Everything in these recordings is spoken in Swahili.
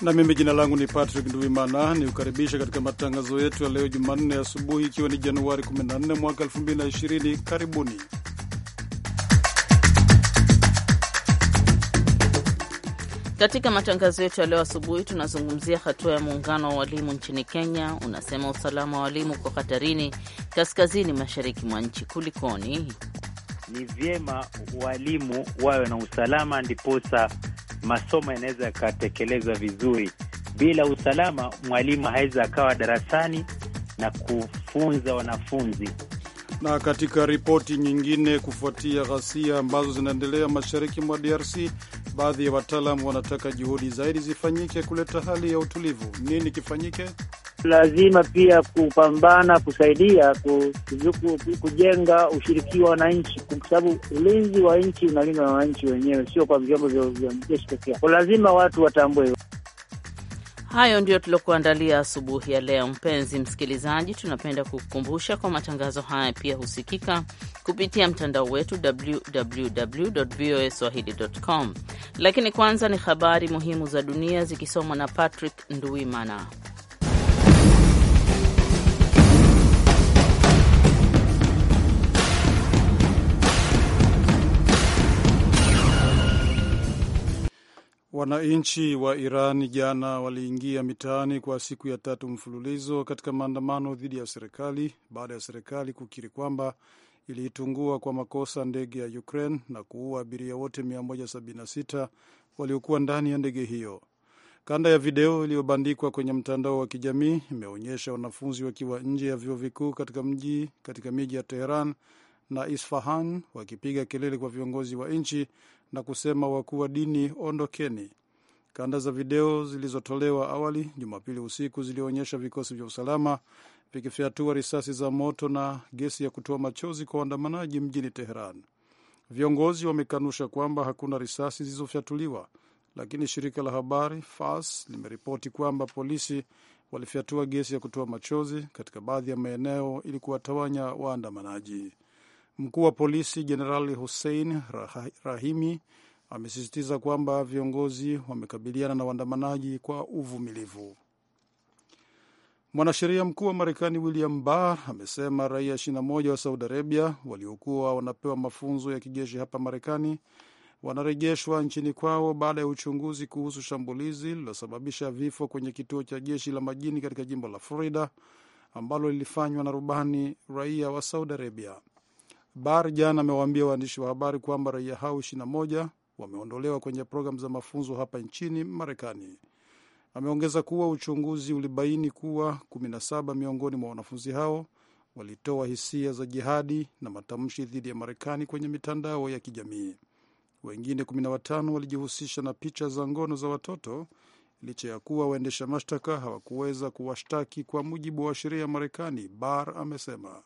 na mimi jina langu ni Patrick Nduimana, ni kukaribisha katika matangazo yetu ya leo Jumanne asubuhi, ikiwa ni Januari 14 mwaka 2020. Karibuni katika matangazo yetu ya leo asubuhi. Tunazungumzia hatua ya muungano wa walimu nchini Kenya, unasema usalama wa walimu uko hatarini kaskazini mashariki mwa nchi. Kulikoni? Ni vyema walimu wawe na usalama ndiposa masomo yanaweza yakatekelezwa vizuri. Bila usalama, mwalimu haweza akawa darasani na kufunza wanafunzi. Na katika ripoti nyingine, kufuatia ghasia ambazo zinaendelea mashariki mwa DRC, baadhi ya wataalamu wanataka juhudi zaidi zifanyike kuleta hali ya utulivu. Nini kifanyike? lazima pia kupambana kusaidia kuzuku, kujenga ushiriki wa wananchi, kwa sababu ulinzi wa nchi unalindwa na wananchi wenyewe, sio kwa vyombo vya jeshi pekee. Kwa lazima watu watambue hayo. Ndio tuliokuandalia asubuhi ya leo. Mpenzi msikilizaji, tunapenda kukukumbusha kwa matangazo haya pia husikika kupitia mtandao wetu www voa www.voaswahili.com. Lakini kwanza ni habari muhimu za dunia zikisomwa na Patrick Nduimana. Wananchi wa Iran jana waliingia mitaani kwa siku ya tatu mfululizo katika maandamano dhidi ya serikali baada ya serikali kukiri kwamba iliitungua kwa makosa ndege ya Ukraine na kuua abiria wote 176 waliokuwa ndani ya ndege hiyo. Kanda ya video iliyobandikwa kwenye mtandao wa kijamii imeonyesha wanafunzi wakiwa nje ya vyuo vikuu katika mji katika miji ya Teheran na Isfahan wakipiga kelele kwa viongozi wa nchi na kusema wakuu wa dini ondokeni. Kanda za video zilizotolewa awali Jumapili usiku zilionyesha vikosi vya usalama vikifyatua risasi za moto na gesi ya kutoa machozi kwa waandamanaji mjini Teheran. Viongozi wamekanusha kwamba hakuna risasi zilizofyatuliwa, lakini shirika la habari Fars limeripoti kwamba polisi walifyatua gesi ya kutoa machozi katika baadhi ya maeneo ili kuwatawanya waandamanaji. Mkuu wa polisi Jenerali Hussein Rahimi amesisitiza kwamba viongozi wamekabiliana na waandamanaji kwa uvumilivu. Mwanasheria mkuu wa Marekani William Barr amesema raia 21 wa Saudi Arabia waliokuwa wanapewa mafunzo ya kijeshi hapa Marekani wanarejeshwa nchini kwao baada ya uchunguzi kuhusu shambulizi lililosababisha vifo kwenye kituo cha jeshi la majini katika jimbo la Florida ambalo lilifanywa na rubani raia wa Saudi Arabia. Bar jana amewaambia waandishi wa habari kwamba raia hao 21 wameondolewa kwenye programu za mafunzo hapa nchini Marekani. Ameongeza kuwa uchunguzi ulibaini kuwa 17 miongoni mwa wanafunzi hao walitoa hisia za jihadi na matamshi dhidi ya Marekani kwenye mitandao ya kijamii. Wengine 15 walijihusisha na picha za ngono za watoto, licha ya kuwa waendesha mashtaka hawakuweza kuwashtaki kwa mujibu wa sheria ya Marekani, Bar amesema.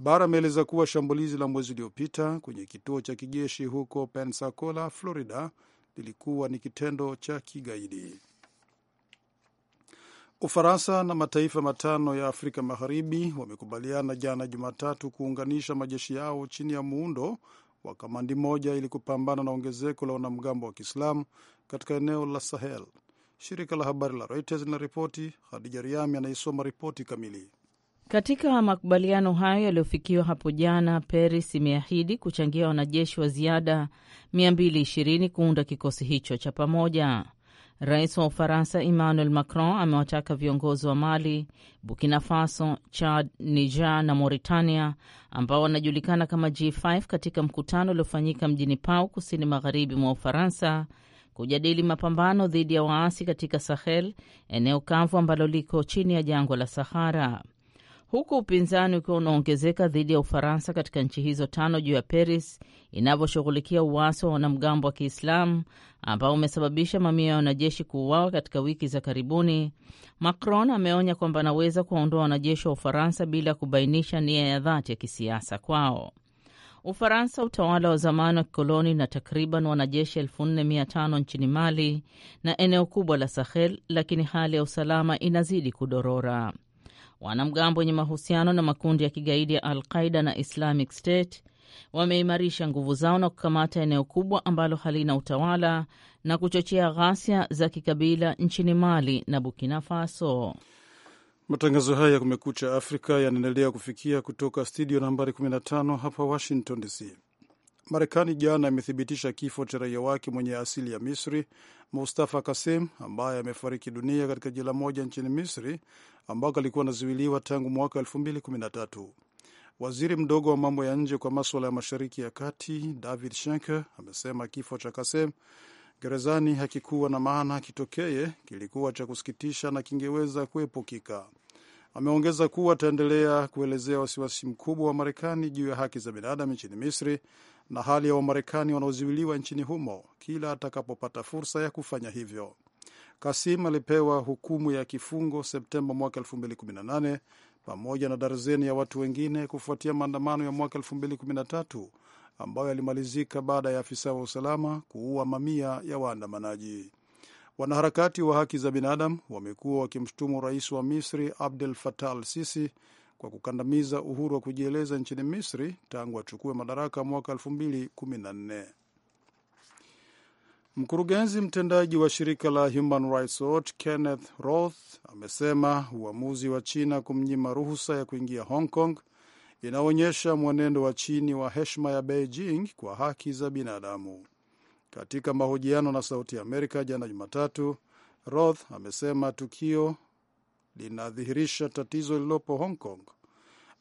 Bar ameeleza kuwa shambulizi la mwezi uliopita kwenye kituo cha kijeshi huko Pensacola, Florida, lilikuwa ni kitendo cha kigaidi. Ufaransa na mataifa matano ya Afrika Magharibi wamekubaliana jana Jumatatu kuunganisha majeshi yao chini ya muundo wa kamandi moja ili kupambana na ongezeko la wanamgambo wa Kiislamu katika eneo la Sahel. Shirika la habari la Reuters linaripoti. Hadija Riami anaisoma ripoti kamili. Katika makubaliano hayo yaliyofikiwa hapo jana, Paris imeahidi kuchangia wanajeshi wa ziada 220 kuunda kikosi hicho cha pamoja. Rais wa Ufaransa Emmanuel Macron amewataka viongozi wa Mali, Burkina Faso, Chad, Niger na Mauritania ambao wanajulikana kama G5 katika mkutano uliofanyika mjini Pau, kusini magharibi mwa Ufaransa, kujadili mapambano dhidi ya waasi katika Sahel, eneo kavu ambalo liko chini ya jangwa la Sahara huku upinzani ukiwa unaongezeka dhidi ya Ufaransa katika nchi hizo tano juu ya Paris inavyoshughulikia uwaso wa wanamgambo wa Kiislamu ambao umesababisha mamia ya wanajeshi kuuawa katika wiki za karibuni. Macron ameonya kwamba anaweza kuwaondoa wanajeshi wa Ufaransa bila kubainisha nia ya dhati ya kisiasa kwao. Ufaransa, utawala wa zamani wa kikoloni, na takriban wanajeshi 45 nchini Mali na eneo kubwa la Sahel, lakini hali ya usalama inazidi kudorora. Wanamgambo wenye mahusiano na makundi ya kigaidi ya Al Qaida na Islamic State wameimarisha nguvu zao na kukamata eneo kubwa ambalo halina utawala na kuchochea ghasia za kikabila nchini Mali na Burkina Faso. Matangazo haya ya Kumekucha Afrika yanaendelea kufikia kutoka studio nambari 15 hapa Washington DC. Marekani jana imethibitisha kifo cha raia wake mwenye asili ya Misri, Mustafa Kasim, ambaye amefariki dunia katika jela moja nchini Misri ambako alikuwa anazuiliwa tangu mwaka 2013. Waziri mdogo wa mambo ya nje kwa maswala ya mashariki ya kati David Shenker amesema kifo cha Kasem gerezani hakikuwa na maana, kitokee kilikuwa cha kusikitisha na kingeweza kuepukika. Ameongeza kuwa ataendelea kuelezea wasiwasi mkubwa wa Marekani juu ya haki za binadamu nchini Misri na hali ya Wamarekani wanaozuiliwa nchini humo kila atakapopata fursa ya kufanya hivyo. Kasim alipewa hukumu ya kifungo Septemba mwaka 2018 pamoja na darzeni ya watu wengine kufuatia maandamano ya mwaka 2013 ambayo yalimalizika baada ya afisa wa usalama kuua mamia ya waandamanaji. Wanaharakati wa haki za binadamu wamekuwa wakimshutumu rais wa Misri Abdel Fattah al-Sisi kwa kukandamiza uhuru wa kujieleza nchini Misri tangu achukue madaraka mwaka 2014. Mkurugenzi mtendaji wa shirika la Human Rights Watch Kenneth Roth amesema uamuzi wa China kumnyima ruhusa ya kuingia Hong Kong inaonyesha mwenendo wa chini wa heshima ya Beijing kwa haki za binadamu. Katika mahojiano na Sauti ya Amerika jana Jumatatu, Roth amesema tukio linadhihirisha tatizo lililopo Hong Kong.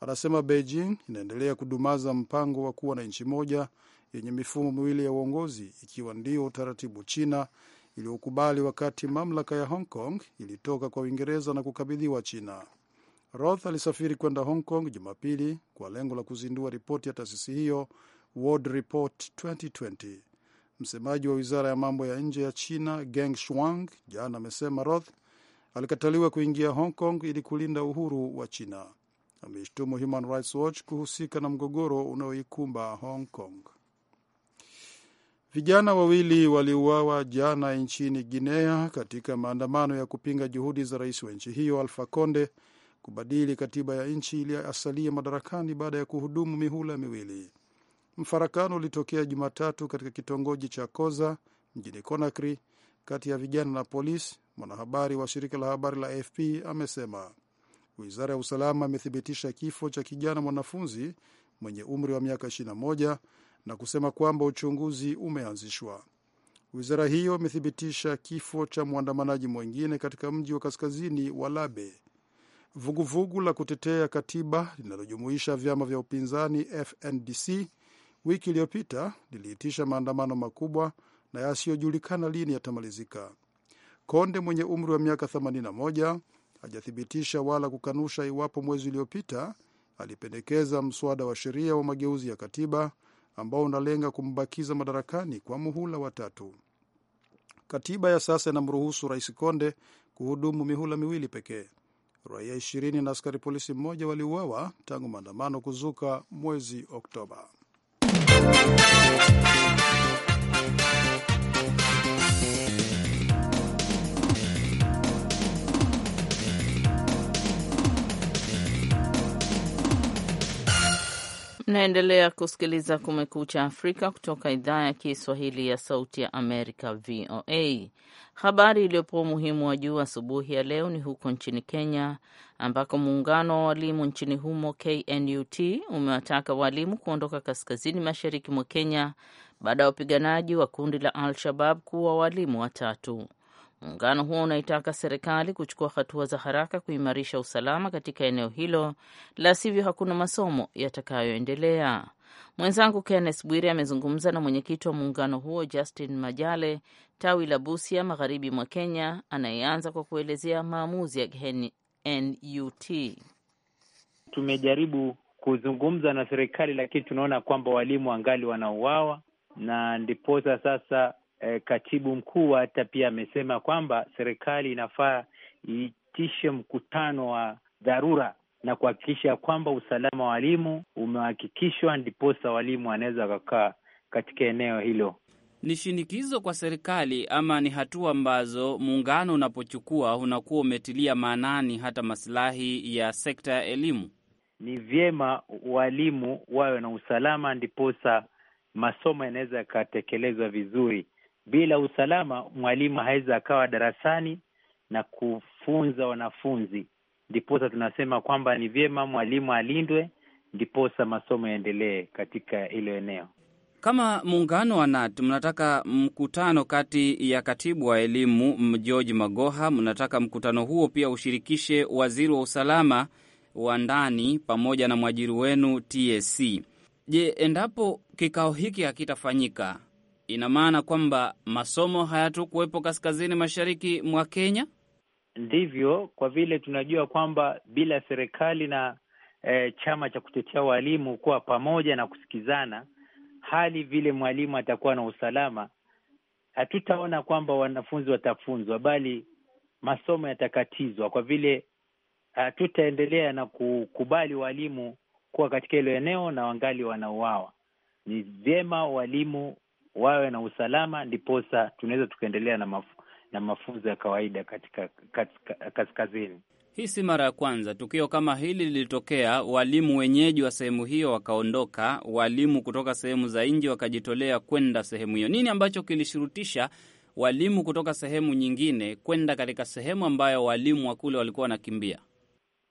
Anasema Beijing inaendelea kudumaza mpango wa kuwa na nchi moja yenye mifumo miwili ya uongozi, ikiwa ndio utaratibu China iliyokubali wakati mamlaka ya Hong Kong ilitoka kwa Uingereza na kukabidhiwa China. Roth alisafiri kwenda Hong Kong Jumapili kwa lengo la kuzindua ripoti ya taasisi hiyo World Report 2020. Msemaji wa wizara ya mambo ya nje ya China Geng Shuang jana amesema Roth alikataliwa kuingia Hong Kong ili kulinda uhuru wa China. Ameshtumu Human Rights Watch kuhusika na mgogoro unaoikumba Hong Kong. Vijana wawili waliuawa jana nchini Guinea katika maandamano ya kupinga juhudi za rais wa nchi hiyo Alfa Conde kubadili katiba ya nchi ili asalie madarakani baada ya kuhudumu mihula miwili. Mfarakano ulitokea Jumatatu katika kitongoji cha Koza mjini Conakry kati ya vijana na polisi mwanahabari wa shirika la habari la AFP amesema wizara ya usalama imethibitisha kifo cha kijana mwanafunzi mwenye umri wa miaka 21 na kusema kwamba uchunguzi umeanzishwa. Wizara hiyo imethibitisha kifo cha mwandamanaji mwingine katika mji wa kaskazini wa Labe. Vuguvugu la kutetea katiba linalojumuisha vyama vya upinzani FNDC wiki iliyopita liliitisha maandamano makubwa na yasiyojulikana lini yatamalizika. Konde mwenye umri wa miaka 81 hajathibitisha wala kukanusha iwapo mwezi uliopita alipendekeza mswada wa sheria wa mageuzi ya katiba ambao unalenga kumbakiza madarakani kwa muhula watatu. Katiba ya sasa inamruhusu rais Konde kuhudumu mihula miwili pekee. Raia ishirini na askari polisi mmoja waliuawa tangu maandamano kuzuka mwezi Oktoba. naendelea kusikiliza Kumekucha Afrika kutoka idhaa ya Kiswahili ya Sauti ya Amerika, VOA. Habari iliyopewa umuhimu wa juu asubuhi ya leo ni huko nchini Kenya, ambako muungano wa walimu nchini humo KNUT umewataka walimu kuondoka kaskazini mashariki mwa Kenya baada ya wapiganaji wa kundi la Al-Shabab kuwa walimu watatu. Muungano huo unaitaka serikali kuchukua hatua za haraka kuimarisha usalama katika eneo hilo, la sivyo hakuna masomo yatakayoendelea. Mwenzangu Kenneth Bwire amezungumza na mwenyekiti wa muungano huo Justin Majale, tawi la Busia, magharibi mwa Kenya, anayeanza kwa kuelezea maamuzi ya NUT. Tumejaribu kuzungumza na serikali, lakini tunaona kwamba walimu wangali wanauawa, na ndiposa sasa eh, katibu mkuu hata pia amesema kwamba serikali inafaa iitishe mkutano wa dharura na kuhakikisha kwamba usalama wa walimu umehakikishwa, ndiposa walimu wanaweza wakakaa katika eneo hilo. Ni shinikizo kwa serikali ama ni hatua ambazo muungano unapochukua unakuwa umetilia maanani hata masilahi ya sekta ya elimu? Ni vyema walimu wawe na usalama, ndiposa masomo yanaweza yakatekelezwa vizuri. Bila usalama, mwalimu hawezi akawa darasani na kufunza wanafunzi. Ndiposa tunasema kwamba ni vyema mwalimu alindwe, ndiposa masomo yaendelee katika hilo eneo. Kama muungano wa NAT mnataka mkutano kati ya katibu wa elimu George Magoha, mnataka mkutano huo pia ushirikishe waziri wa usalama wa ndani pamoja na mwajiri wenu TSC. Je, endapo kikao hiki hakitafanyika ina maana kwamba masomo hayatokuwepo kaskazini mashariki mwa Kenya? Ndivyo, kwa vile tunajua kwamba bila serikali na e, chama cha kutetea walimu kuwa pamoja na kusikizana, hali vile mwalimu atakuwa na usalama, hatutaona kwamba wanafunzi watafunzwa, bali masomo yatakatizwa, kwa vile hatutaendelea ah, na kukubali walimu kuwa katika hilo eneo na wangali wanauawa. Ni vyema walimu wawe na usalama, ndiposa tunaweza tukaendelea na, maf na mafunzo ya kawaida katika kaskazini. Hii si mara ya kwanza tukio kama hili lilitokea. Walimu wenyeji wa sehemu hiyo wakaondoka, walimu kutoka sehemu za nje wakajitolea kwenda sehemu hiyo. Nini ambacho kilishurutisha walimu kutoka sehemu nyingine kwenda katika sehemu ambayo walimu wa kule walikuwa wanakimbia?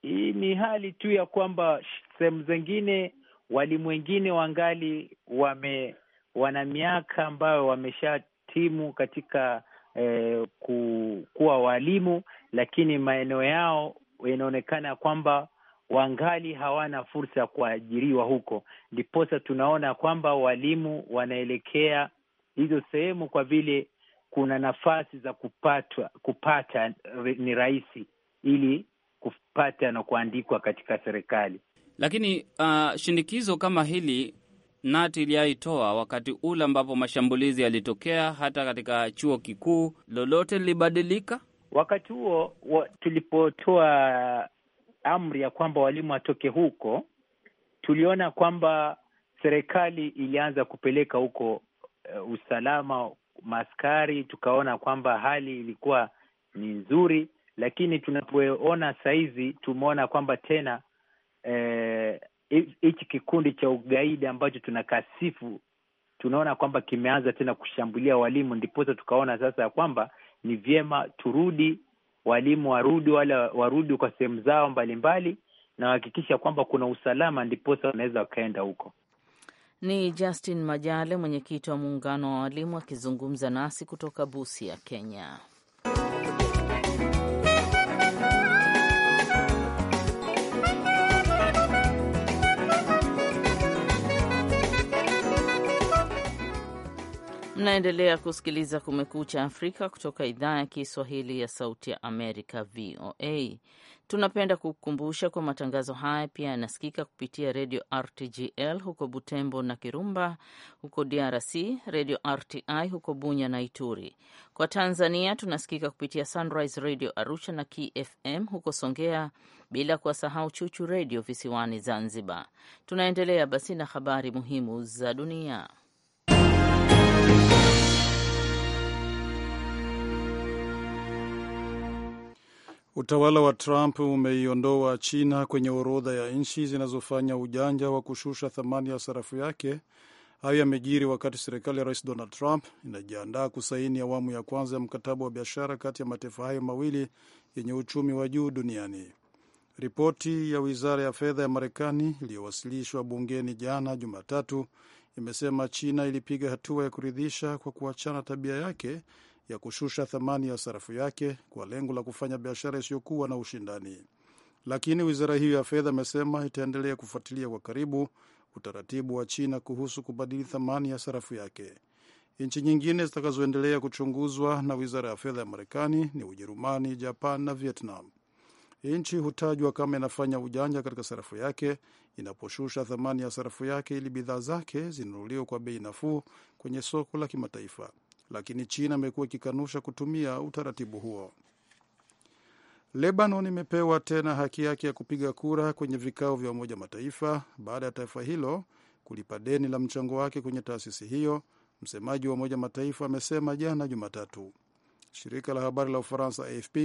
Hii ni hali tu ya kwamba sehemu zingine walimu wengine wangali wame wana miaka ambayo wameshatimu katika eh, ku, kuwa walimu, lakini maeneo yao inaonekana kwamba wangali hawana fursa ya kuajiriwa huko, ndiposa tunaona kwamba walimu wanaelekea hizo sehemu kwa vile kuna nafasi za kupatwa kupata ni rahisi ili kupata na kuandikwa katika serikali. Lakini uh, shinikizo kama hili nati iliyaitoa wakati ule ambapo mashambulizi yalitokea hata katika chuo kikuu. Lolote lilibadilika wakati huo wa, tulipotoa amri ya kwamba walimu watoke huko, tuliona kwamba serikali ilianza kupeleka huko uh, usalama maskari, tukaona kwamba hali ilikuwa ni nzuri, lakini tunapoona sahizi tumeona kwamba tena eh, hichi kikundi cha ugaidi ambacho tunakasifu, tunaona kwamba kimeanza tena kushambulia walimu, ndiposa tukaona sasa ya kwamba ni vyema turudi, walimu warudi, wale warudi kwa sehemu zao mbalimbali na wahakikisha kwamba kuna usalama, ndiposa wanaweza wakaenda huko. Ni Justin Majale, mwenyekiti wa muungano wa walimu akizungumza nasi kutoka Busia, Kenya. Mnaendelea kusikiliza Kumekucha Afrika kutoka idhaa ya Kiswahili ya Sauti ya Amerika, VOA. Tunapenda kukukumbusha kwa matangazo haya pia yanasikika kupitia redio RTGL huko Butembo na Kirumba huko DRC, redio RTI huko Bunya na Ituri. Kwa Tanzania tunasikika kupitia Sunrise Radio Arusha na KFM huko Songea, bila kuwasahau Chuchu Redio visiwani Zanzibar. Tunaendelea basi na habari muhimu za dunia. Utawala wa Trump umeiondoa China kwenye orodha ya nchi zinazofanya ujanja wa kushusha thamani ya sarafu yake. Hayo yamejiri wakati serikali ya Rais Donald Trump inajiandaa kusaini awamu ya kwanza ya mkataba wa biashara kati ya mataifa hayo mawili yenye uchumi wa juu duniani. Ripoti ya wizara ya fedha ya Marekani iliyowasilishwa bungeni jana Jumatatu imesema China ilipiga hatua ya kuridhisha kwa kuachana tabia yake ya kushusha thamani ya sarafu yake kwa lengo la kufanya biashara isiyokuwa na ushindani. Lakini wizara hiyo ya fedha imesema itaendelea kufuatilia kwa karibu utaratibu wa China kuhusu kubadili thamani ya sarafu yake. Nchi nyingine zitakazoendelea kuchunguzwa na wizara ya fedha ya Marekani ni Ujerumani, Japan na Vietnam. Nchi hutajwa kama inafanya ujanja katika sarafu yake inaposhusha thamani ya sarafu yake ili bidhaa zake zinunuliwe kwa bei nafuu kwenye soko la kimataifa lakini China imekuwa ikikanusha kutumia utaratibu huo. Lebanon imepewa tena haki yake ya kupiga kura kwenye vikao vya Umoja Mataifa baada ya taifa hilo kulipa deni la mchango wake kwenye taasisi hiyo, msemaji wa Umoja Mataifa amesema jana Jumatatu. Shirika la habari la Ufaransa AFP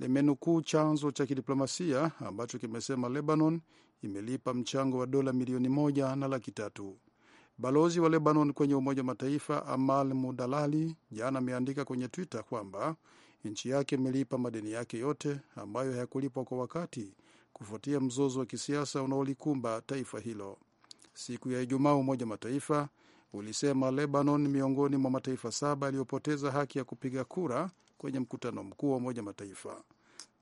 limenukuu chanzo cha kidiplomasia ambacho kimesema Lebanon imelipa mchango wa dola milioni moja na laki tatu. Balozi wa Lebanon kwenye Umoja wa Mataifa Amal Mudalali jana ameandika kwenye Twitter kwamba nchi yake imelipa madeni yake yote ambayo hayakulipwa kwa wakati kufuatia mzozo wa kisiasa unaolikumba taifa hilo. Siku ya Ijumaa, Umoja wa Mataifa ulisema Lebanon miongoni mwa mataifa saba yaliyopoteza haki ya kupiga kura kwenye mkutano mkuu wa Umoja wa Mataifa.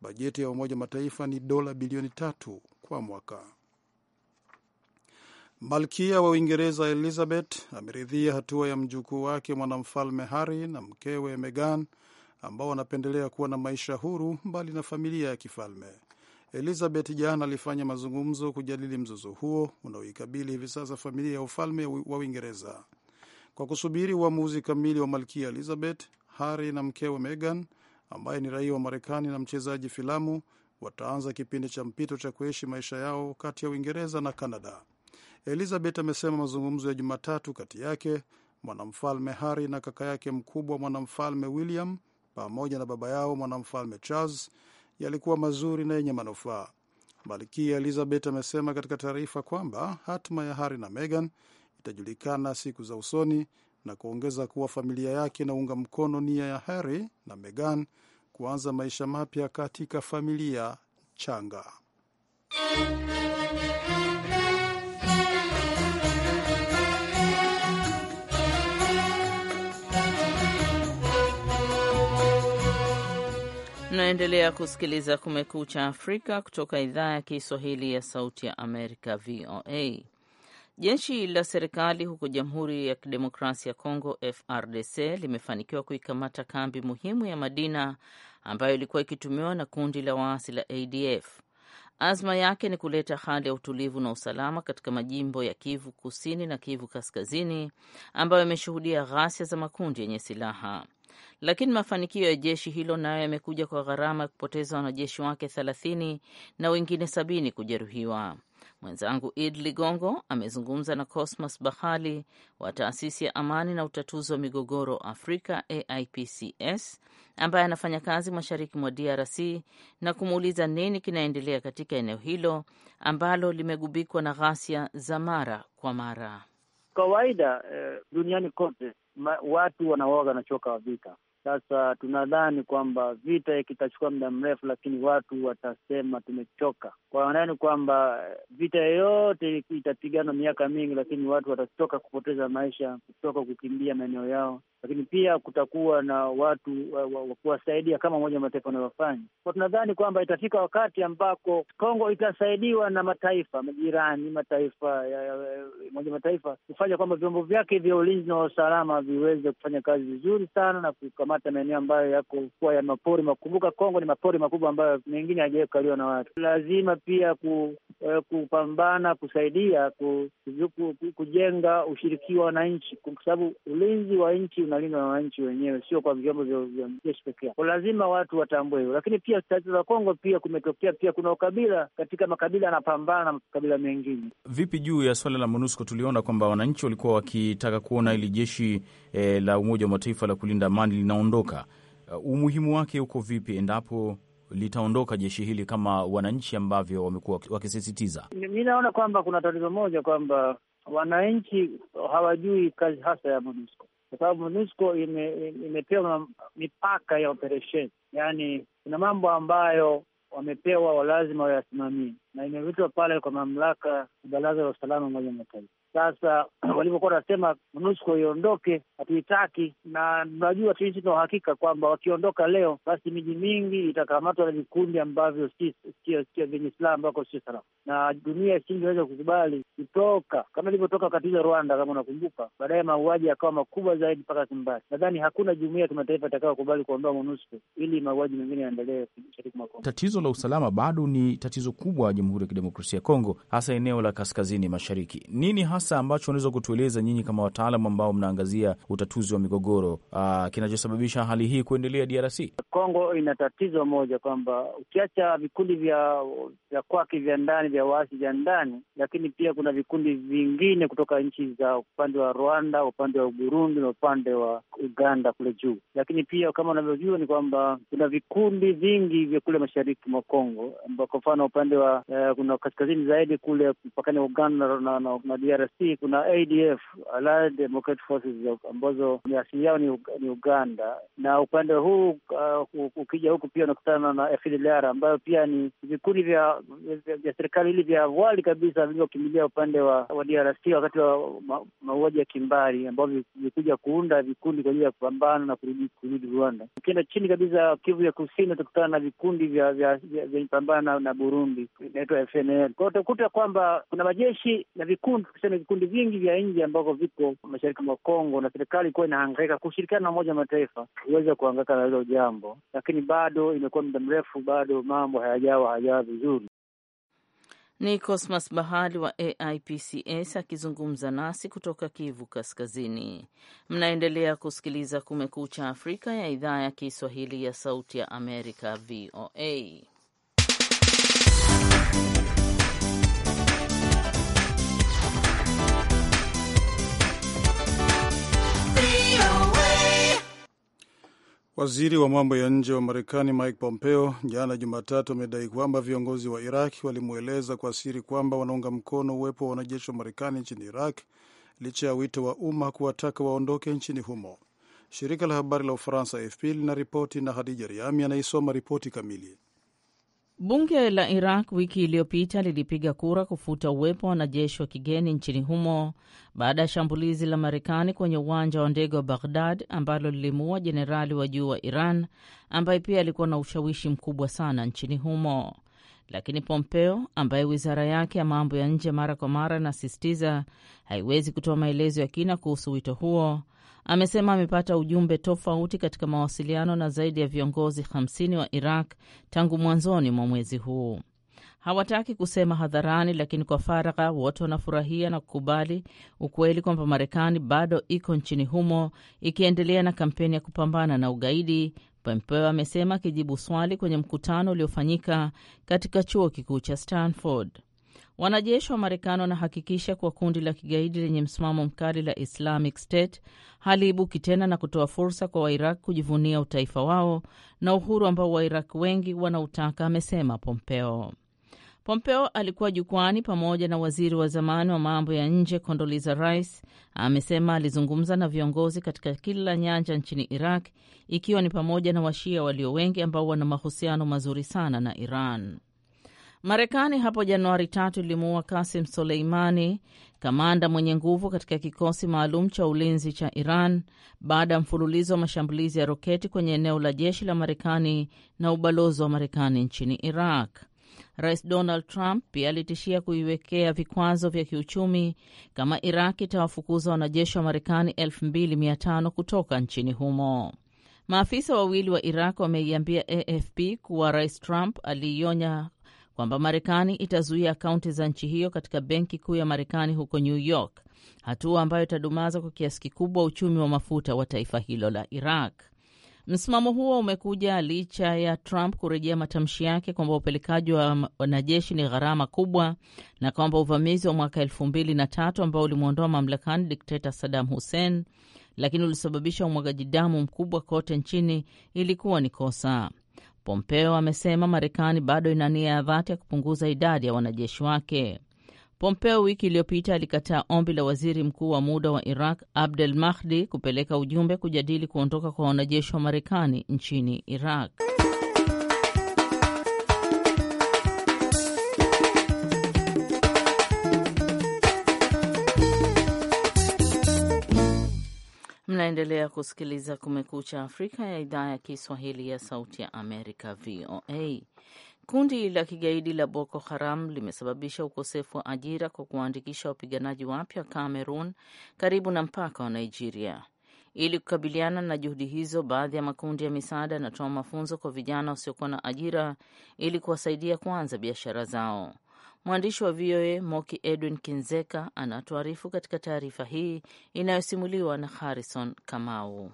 Bajeti ya Umoja wa Mataifa ni dola bilioni tatu kwa mwaka. Malkia wa Uingereza Elizabeth ameridhia hatua ya mjukuu wake mwanamfalme Harry na mkewe Meghan ambao wanapendelea kuwa na maisha huru mbali na familia ya kifalme. Elizabeth jana alifanya mazungumzo kujadili mzozo huo unaoikabili hivi sasa familia ya ufalme wa Uingereza. Kwa kusubiri uamuzi kamili wa malkia Elizabeth, Harry na mkewe Meghan ambaye ni raia wa Marekani na mchezaji filamu wataanza kipindi cha mpito cha kuishi maisha yao kati ya Uingereza na Kanada. Elizabeth amesema mazungumzo ya Jumatatu kati yake mwanamfalme Harry na kaka yake mkubwa mwanamfalme William pamoja na baba yao mwanamfalme Charles yalikuwa mazuri na yenye manufaa. Malkia Elizabeth amesema katika taarifa kwamba hatima ya Harry na Meghan itajulikana siku za usoni na kuongeza kuwa familia yake inaunga mkono nia ya Harry na Meghan kuanza maisha mapya katika familia changa. Mnaendelea kusikiliza Kumekucha Afrika kutoka idhaa ya Kiswahili ya Sauti ya Amerika, VOA. Jeshi la serikali huko Jamhuri ya Kidemokrasia ya Kongo, FRDC, limefanikiwa kuikamata kambi muhimu ya Madina ambayo ilikuwa ikitumiwa na kundi la waasi la ADF. Azma yake ni kuleta hali ya utulivu na usalama katika majimbo ya Kivu Kusini na Kivu Kaskazini ambayo yameshuhudia ghasia za makundi yenye silaha lakini mafanikio ya jeshi hilo nayo yamekuja kwa gharama ya kupoteza wanajeshi wake thelathini na wengine sabini kujeruhiwa. Mwenzangu Id Ligongo amezungumza na Cosmas Bahali wa taasisi ya amani na utatuzi wa migogoro Afrika, AIPCS, ambaye anafanya kazi mashariki mwa DRC na kumuuliza nini kinaendelea katika eneo hilo ambalo limegubikwa na ghasia za mara kwa mara. Kawaida eh, duniani kote ma, watu wanaoga na choka wa vita. Sasa tunadhani kwamba vita kitachukua muda mrefu, lakini watu watasema tumechoka. Kwa nadhani kwamba eh, vita yoyote itapigana miaka mingi, lakini watu watachoka kupoteza maisha, kutoka kukimbia maeneo yao, lakini pia kutakuwa na watu wa, wa kuwasaidia kama Umoja wa Mataifa unavyofanya. Kwa tunadhani kwamba itafika wakati ambako Kongo itasaidiwa na mataifa majirani, mataifa ya Umoja wa Mataifa kufanya kwamba vyombo vyake vya ulinzi na usalama viweze kufanya kazi vizuri sana na kukama kukamata maeneo ambayo yako kuwa ya mapori kumbuka Kongo ni mapori makubwa ambayo mengine hajawahi kukaliwa na watu. Lazima pia ku, eh, kupambana kusaidia ku, ku, ku, kujenga ushiriki wa wananchi, kwa sababu ulinzi wa nchi unalindwa na wananchi wenyewe, sio kwa vyombo vya jeshi pekee. Lazima watu watambue hilo, lakini pia tatizo la Kongo pia kumetokea pia kuna ukabila katika makabila yanapambana na makabila mengine. Vipi juu ya swala la MONUSCO? Tuliona kwamba wananchi walikuwa wakitaka kuona ili jeshi eh, la Umoja wa Mataifa la kulinda amani lina litaondoka, uh, umuhimu wake uko vipi endapo litaondoka jeshi hili kama wananchi ambavyo wamekuwa wakisisitiza? Mi naona kwamba kuna tatizo moja kwamba wananchi hawajui kazi hasa ya MONUSCO kwa sababu MONUSCO imepewa ime mipaka ya operesheni, yaani kuna mambo ambayo wamepewa, lazima wayasimamie, na imevitwa pale kwa mamlaka ya Baraza la Usalama Umoja Mataifa. Sasa walivyokuwa wanasema MONUSCO iondoke, hatuitaki, na tunajua sisi tuna uhakika kwamba wakiondoka leo, basi miji mingi itakamatwa na vikundi ambavyo sio vyenye silaha, ambako sio salama, na dunia isingeweza kukubali kutoka kama ilivyotoka katiza Rwanda, kama unakumbuka. Baadaye mauaji yakawa makubwa zaidi mpaka Kimbali. Nadhani hakuna jumuia ya kimataifa itakayokubali kuondoa MONUSCO ili mauaji mengine yaendelee Tatizo la usalama bado ni tatizo kubwa Jamhuri ya Kidemokrasia ya Kongo, hasa eneo la kaskazini mashariki. Nini hasa hasa ambacho unaweza kutueleza nyinyi kama wataalam ambao mnaangazia utatuzi wa migogoro uh, kinachosababisha hali hii kuendelea DRC? Kongo ina tatizo moja kwamba ukiacha vikundi vya vya kwake vya ndani vya waasi vya ndani, lakini pia kuna vikundi vingine kutoka nchi za upande wa Rwanda, upande wa Burundi na upande wa Uganda kule juu. Lakini pia kama unavyojua ni kwamba kuna vikundi vingi vya kule mashariki mwa Kongo, kwa mfano upande wa eh, kuna kaskazini zaidi kule mpakani wa Uganda na, na, na DRC DRC kuna ADF, Allied Democratic Forces, ambazo asili yao ni Uganda, na upande huu uh, ukija huku pia unakutana na FDLR ambayo pia ni vikundi vya, vya, vya serikali hili vya awali kabisa vilivyokimbilia upande wa, wa DRC wakati wa mauaji ya kimbari, ambao vilikuja kuunda vikundi kwa ajili ya kupambana na kurudi kurudi Rwanda. Ukienda chini kabisa Kivu ya Kusini utakutana na vikundi vya vyenye pambana na Burundi, inaitwa FNL. Kwa utakuta kwamba kuna majeshi na vikundi vikundi vingi vya nji ambavyo viko mashariki mwa Kongo, na serikali ilikuwa inahangaika kushirikiana na Umoja wa Mataifa huweza kuangaika na hilo jambo, lakini bado imekuwa muda mrefu, bado mambo hayajawa hayajawa vizuri. Ni Cosmas Bahali wa AIPCS akizungumza nasi kutoka Kivu Kaskazini. Mnaendelea kusikiliza Kumekucha Afrika ya idhaa ya Kiswahili ya Sauti ya Amerika, VOA. Waziri wa mambo ya nje wa Marekani Mike Pompeo jana Jumatatu amedai kwamba viongozi wa Iraq walimweleza kwa siri kwamba wanaunga mkono uwepo wa wanajeshi wa Marekani nchini Iraq licha ya wito wa umma kuwataka waondoke nchini humo. Shirika la habari la Ufaransa AFP linaripoti na Hadija Riami anaisoma ripoti kamili. Bunge la Iraq wiki iliyopita lilipiga kura kufuta uwepo wa wanajeshi wa kigeni nchini humo baada ya shambulizi la Marekani kwenye uwanja wa ndege wa Baghdad ambalo lilimuua jenerali wa juu wa Iran ambaye pia alikuwa na ushawishi mkubwa sana nchini humo. Lakini Pompeo, ambaye wizara yake ya mambo ya nje mara kwa mara inasisitiza haiwezi kutoa maelezo ya kina kuhusu wito huo, amesema amepata ujumbe tofauti katika mawasiliano na zaidi ya viongozi 50 wa Iraq tangu mwanzoni mwa mwezi huu. Hawataki kusema hadharani, lakini kwa faragha wote wanafurahia na kukubali ukweli kwamba Marekani bado iko nchini humo ikiendelea na kampeni ya kupambana na ugaidi, Pompeo amesema akijibu swali kwenye mkutano uliofanyika katika chuo kikuu cha Stanford. Wanajeshi wa Marekani wanahakikisha kuwa kundi la kigaidi lenye msimamo mkali la Islamic State haliibuki tena na kutoa fursa kwa Wairaq kujivunia utaifa wao na uhuru ambao Wairaq wengi wanautaka, amesema Pompeo. Pompeo alikuwa jukwani pamoja na waziri wa zamani wa mambo ya nje Kondoliza Rice. Amesema alizungumza na viongozi katika kila nyanja nchini Iraq, ikiwa ni pamoja na Washia walio wengi ambao wana mahusiano mazuri sana na Iran. Marekani hapo Januari tatu ilimuua Kasim Soleimani, kamanda mwenye nguvu katika kikosi maalum cha ulinzi cha Iran baada ya mfululizo wa mashambulizi ya roketi kwenye eneo la jeshi la Marekani na ubalozi wa Marekani nchini Iraq. Rais Donald Trump pia alitishia kuiwekea vikwazo vya kiuchumi kama Iraq itawafukuza wanajeshi wa Marekani 2500 kutoka nchini humo. Maafisa wawili wa Iraq wameiambia AFP kuwa Rais Trump aliionya kwamba Marekani itazuia akaunti za nchi hiyo katika benki kuu ya Marekani huko New York, hatua ambayo itadumaza kwa kiasi kikubwa uchumi wa mafuta wa taifa hilo la Iraq. Msimamo huo umekuja licha ya Trump kurejea matamshi yake kwamba upelekaji wa wanajeshi ni gharama kubwa na kwamba uvamizi wa mwaka elfu mbili na tatu ambao ulimwondoa mamlakani dikteta Saddam Hussein lakini ulisababisha umwagaji damu mkubwa kote nchini ilikuwa ni kosa. Pompeo amesema Marekani bado ina nia ya dhati ya kupunguza idadi ya wanajeshi wake. Pompeo wiki iliyopita alikataa ombi la waziri mkuu wa muda wa Iraq Abdel Mahdi kupeleka ujumbe kujadili kuondoka kwa wanajeshi wa Marekani nchini Iraq. Mnaendelea kusikiliza Kumekucha Afrika ya idhaa ya Kiswahili ya Sauti ya Amerika, VOA. Kundi la kigaidi la Boko Haram limesababisha ukosefu wa ajira kwa kuwaandikisha wapiganaji wapya wa Cameroon karibu na mpaka wa Nigeria. Ili kukabiliana na juhudi hizo, baadhi ya makundi ya misaada yanatoa mafunzo kwa vijana wasiokuwa na ajira ili kuwasaidia kuanza biashara zao. Mwandishi wa VOA Moki Edwin Kinzeka anatuarifu katika taarifa hii inayosimuliwa na Harrison Kamau.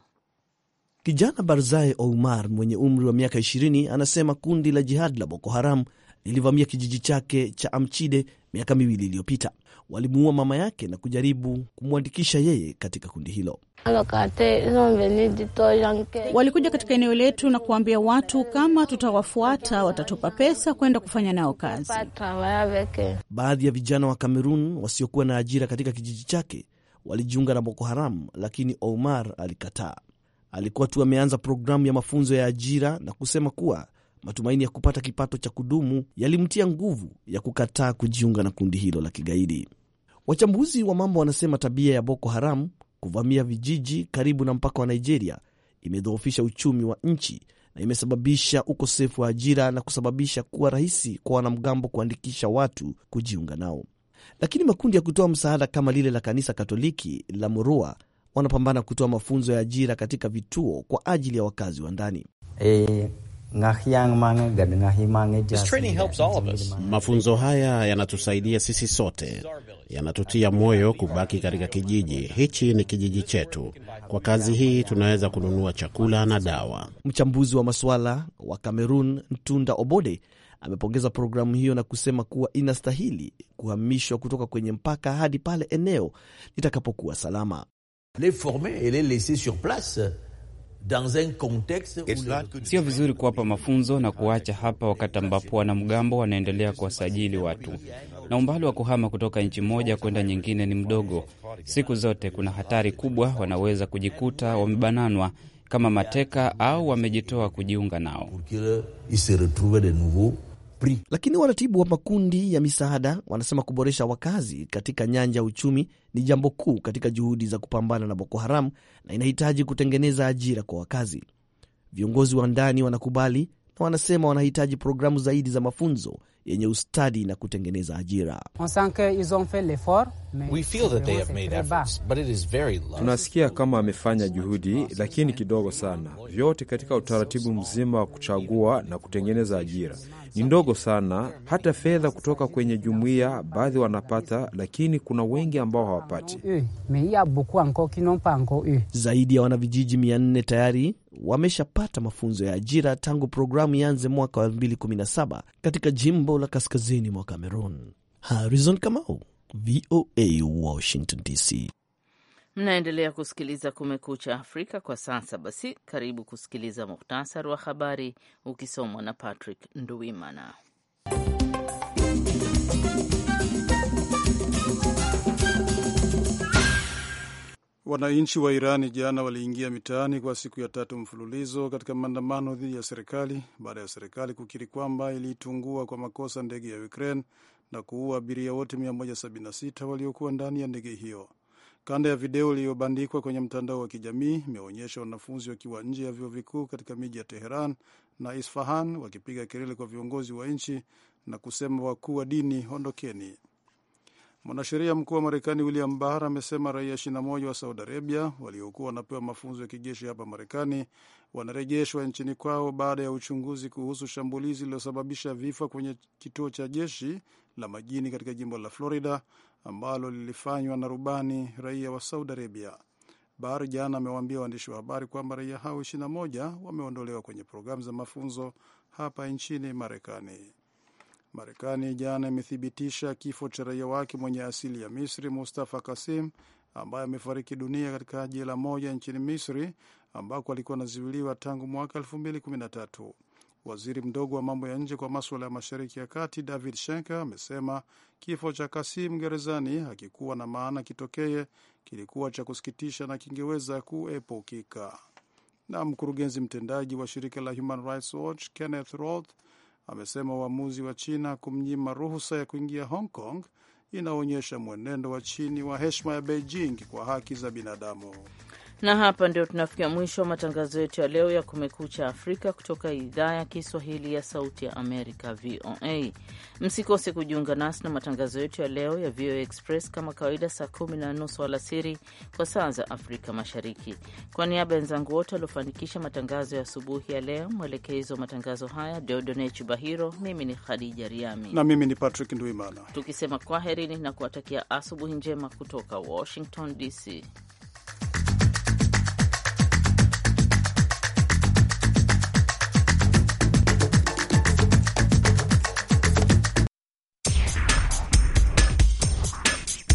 Kijana Barzai Oumar mwenye umri wa miaka 20 anasema kundi la jihad la Boko Haram lilivamia kijiji chake cha Amchide miaka miwili iliyopita. Walimuua mama yake na kujaribu kumwandikisha yeye katika kundi hilo. Walikuja katika eneo letu na kuambia watu kama tutawafuata watatupa pesa kwenda kufanya nao kazi. Baadhi ya vijana wa Kamerun wasiokuwa na ajira katika kijiji chake walijiunga na Boko Haram, lakini Omar alikataa. Alikuwa tu ameanza programu ya mafunzo ya ajira na kusema kuwa matumaini ya kupata kipato cha kudumu yalimtia nguvu ya kukataa kujiunga na kundi hilo la kigaidi. Wachambuzi wa mambo wanasema tabia ya Boko Haram kuvamia vijiji karibu na mpaka wa Nigeria imedhoofisha uchumi wa nchi na imesababisha ukosefu wa ajira na kusababisha kuwa rahisi kwa wanamgambo kuandikisha watu kujiunga nao. Lakini makundi ya kutoa msaada kama lile la kanisa Katoliki la Murua wanapambana kutoa mafunzo ya ajira katika vituo kwa ajili ya wakazi wa ndani. E, Mafunzo haya yanatusaidia sisi sote, yanatutia moyo kubaki katika kijiji hichi. Ni kijiji chetu. Kwa kazi hii tunaweza kununua chakula na dawa. Mchambuzi wa masuala wa Kamerun Ntunda Obode amepongeza programu hiyo na kusema kuwa inastahili kuhamishwa kutoka kwenye mpaka hadi pale eneo litakapokuwa salama. Les et les laisser sur place Sio vizuri kuwapa mafunzo na kuacha hapa wakati ambapo wanamgambo wanaendelea kuwasajili watu, na umbali wa kuhama kutoka nchi moja kwenda nyingine ni mdogo. Siku zote kuna hatari kubwa, wanaweza kujikuta wamebananwa kama mateka au wamejitoa kujiunga nao. Aprili. Lakini waratibu wa makundi ya misaada wanasema kuboresha wakazi katika nyanja ya uchumi ni jambo kuu katika juhudi za kupambana na Boko Haram na inahitaji kutengeneza ajira kwa wakazi. Viongozi wa ndani wanakubali na wanasema wanahitaji programu zaidi za mafunzo yenye ustadi na kutengeneza ajira. Tunasikia kama amefanya juhudi, lakini kidogo sana. Vyote katika utaratibu mzima wa kuchagua na kutengeneza ajira ni ndogo sana. Hata fedha kutoka kwenye jumuiya baadhi wanapata, lakini kuna wengi ambao hawapati. Eh, Zaidi ya wanavijiji mia nne tayari wameshapata mafunzo ya ajira tangu programu ianze mwaka wa 2017 katika jimbo la kaskazini mwa Cameroon. Harrison Kamau, VOA, Washington DC. Mnaendelea kusikiliza Kumekucha Afrika kwa sasa. Basi karibu kusikiliza muhtasari wa habari ukisomwa na Patrick Nduwimana. Wananchi wa Irani jana waliingia mitaani kwa siku ya tatu mfululizo katika maandamano dhidi ya serikali baada ya serikali kukiri kwamba iliitungua kwa makosa ndege ya Ukraine na kuua abiria wote 176 waliokuwa ndani ya ndege hiyo. Kanda ya video iliyobandikwa kwenye mtandao wa kijamii imeonyesha wanafunzi wakiwa nje ya vyuo vikuu katika miji ya Teheran na Isfahan wakipiga kelele kwa viongozi wa nchi na kusema wakuu wa dini ondokeni. Mwanasheria mkuu wa Marekani William Barr amesema raia 21 wa Saudi Arabia waliokuwa wanapewa mafunzo ya kijeshi hapa Marekani wanarejeshwa nchini kwao baada ya uchunguzi kuhusu shambulizi lililosababisha vifo kwenye kituo cha jeshi la majini katika jimbo la Florida ambalo lilifanywa na rubani raia wa Saudi Arabia. Barr jana amewaambia waandishi wa habari kwamba raia hao 21 wameondolewa kwenye programu za mafunzo hapa nchini Marekani. Marekani jana imethibitisha kifo cha raia wake mwenye asili ya Misri Mustafa Kasim ambaye amefariki dunia katika jela moja nchini Misri ambako alikuwa anazuiliwa tangu mwaka 2013. Waziri mdogo wa mambo ya nje kwa maswala ya Mashariki ya Kati David Shenker amesema kifo cha Kasim gerezani hakikuwa na maana kitokee, kilikuwa cha kusikitisha na kingeweza kuepukika. Na mkurugenzi mtendaji wa shirika la Human Rights Watch Kenneth Roth amesema uamuzi wa China kumnyima ruhusa ya kuingia Hong Kong inaonyesha mwenendo wa chini wa heshima ya Beijing kwa haki za binadamu. Na hapa ndio tunafikia mwisho wa matangazo yetu ya leo ya Kumekucha Afrika kutoka idhaa ya Kiswahili ya Sauti ya Amerika, VOA. Msikose kujiunga nasi na matangazo yetu ya leo ya VOA Express kama kawaida, saa kumi na nusu alasiri kwa saa za Afrika Mashariki. Kwa niaba ya wenzangu wote waliofanikisha matangazo ya asubuhi ya leo, mwelekezi wa matangazo haya Deodone Chubahiro, mimi ni Khadija Riami na mimi ni Patrick Nduimana, tukisema kwaherini na kuwatakia asubuhi njema kutoka Washington DC.